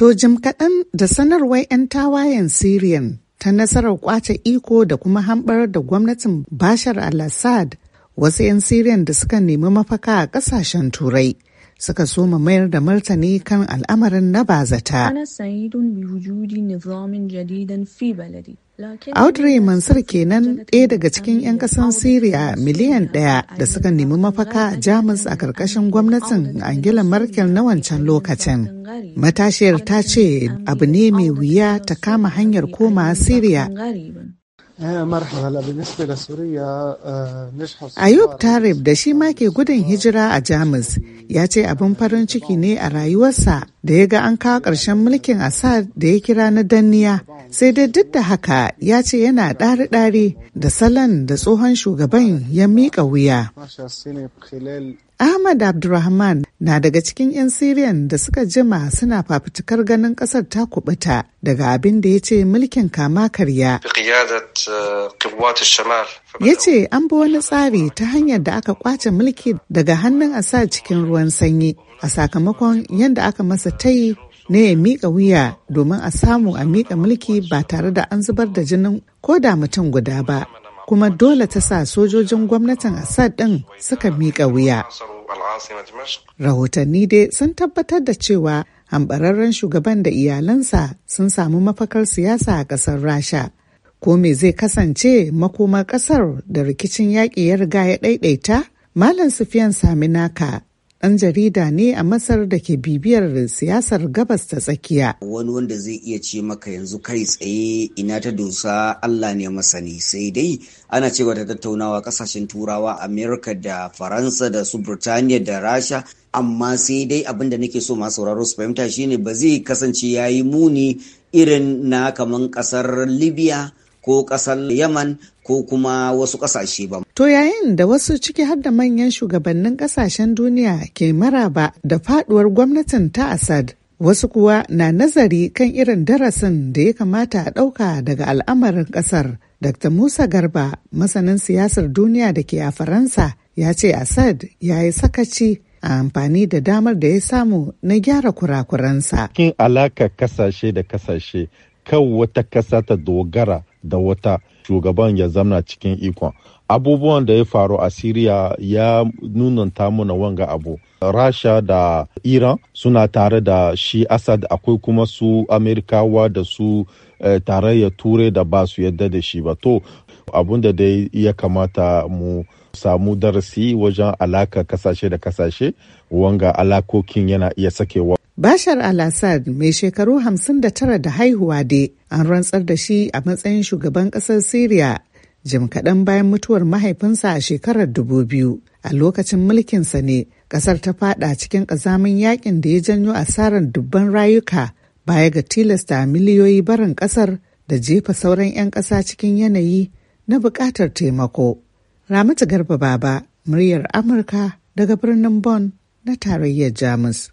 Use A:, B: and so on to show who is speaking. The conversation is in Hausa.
A: To jim kaɗan da sanarwar 'yan tawayen Syrian ta nasarar kwace iko da kuma hambar da gwamnatin Bashar al-Assad wasu 'yan Syrian da suka nemi mafaka a ƙasashen Turai. suka soma mayar da martani kan al'amarin na bazata. Audrey Mansur kenan ɗaya daga cikin 'yan ƙasan Siriya miliyan ɗaya da suka nemi mafaka a Jamus a ƙarƙashin gwamnatin Angela Merkel na wancan lokacin. Matashiyar ta ce abu ne mai wuya ta kama hanyar koma Siriya Ayub Tarib da shi ma ke gudun hijira a Jamus ya ce abin farin ciki ne a rayuwarsa da ya ga an kawo ƙarshen mulkin Assad da ya kira na danniya sai dai duk da haka ya ce yana ɗari-ɗari da salon da tsohon shugaban ya miƙa wuya. Ahmad Abdulrahman na daga cikin 'yan Siriyan da suka jima suna fafutukar ganin ƙasar ta kubuta daga abin da ya ce mulkin kama karya. Ya ce an bi wani tsari ta hanyar da aka kwace mulki daga hannun asa cikin ruwan sanyi a sakamakon yadda aka masa ta yi ne ya miƙa wuya domin a samu a miƙa mulki ba tare da an zubar da jinin ko da mutum guda ba. kuma dole ta sa sojojin gwamnatin Assad ɗin suka miƙa wuya. Rahotanni dai sun tabbatar da cewa hambararren shugaban da iyalansa sun samu mafakar siyasa a ƙasar Rasha. Ko me zai kasance makoma ƙasar da rikicin yaƙi ya riga ya ɗaiɗaita? Malam Sufiyan Saminaka ɗan jarida ne a Masar da ke bibiyar siyasar gabas ta
B: tsakiya. Wani wanda zai iya ce maka yanzu kai tsaye ina ta dosa Allah ne masani sai dai ana cewa ta tattaunawa kasashen turawa Amerika da Faransa da su birtaniya da Rasha amma sai dai abinda nake so masu sauraro su fahimta shine ba zai kasance ya yi muni irin na kamar kasar Libya ko kasar Yaman ko kuma wasu ƙasashe ba.
A: To yayin da wasu ciki har da manyan shugabannin ƙasashen duniya ke maraba da faduwar gwamnatin ta Assad. Wasu kuwa na nazari kan irin darasin da ya kamata a ɗauka daga al'amarin ƙasar. Dr. Musa Garba, masanin siyasar duniya da ke a Faransa, ya ce Assad ya yi sakaci a amfani da damar da ya samu na gyara kurakuransa. Cikin
C: alaka kasashe da kasashe, kan wata kasa ta dogara da wata shugaban ya zamna cikin ikon abubuwan da ya faru a siriya ya nunanta mana wanga abu rasha da iran suna tare da shi assad akwai kuma su amerikawa da su eh, tarayya turai da ba su yadda da shi ba to abinda dai ya kamata mu samu darasi wajen alaka kasashe da kasashe wanga alakokin yana iya sakewa
A: Bashar al-Assad mai shekaru 59 da haihuwa dai an rantsar da shi a matsayin shugaban ƙasar Siriya jim kaɗan bayan mutuwar mahaifinsa a shekarar 2000 a lokacin mulkinsa ne ƙasar ta fada cikin ƙazamin yakin da ya janyo asarar dubban rayuka baya ga tilasta miliyoyi barin ƙasar da jefa sauran 'yan ƙasa cikin yanayi na buƙatar taimako. Ramatu Garba Baba, muryar Amurka daga birnin Bonn na tarayyar Jamus.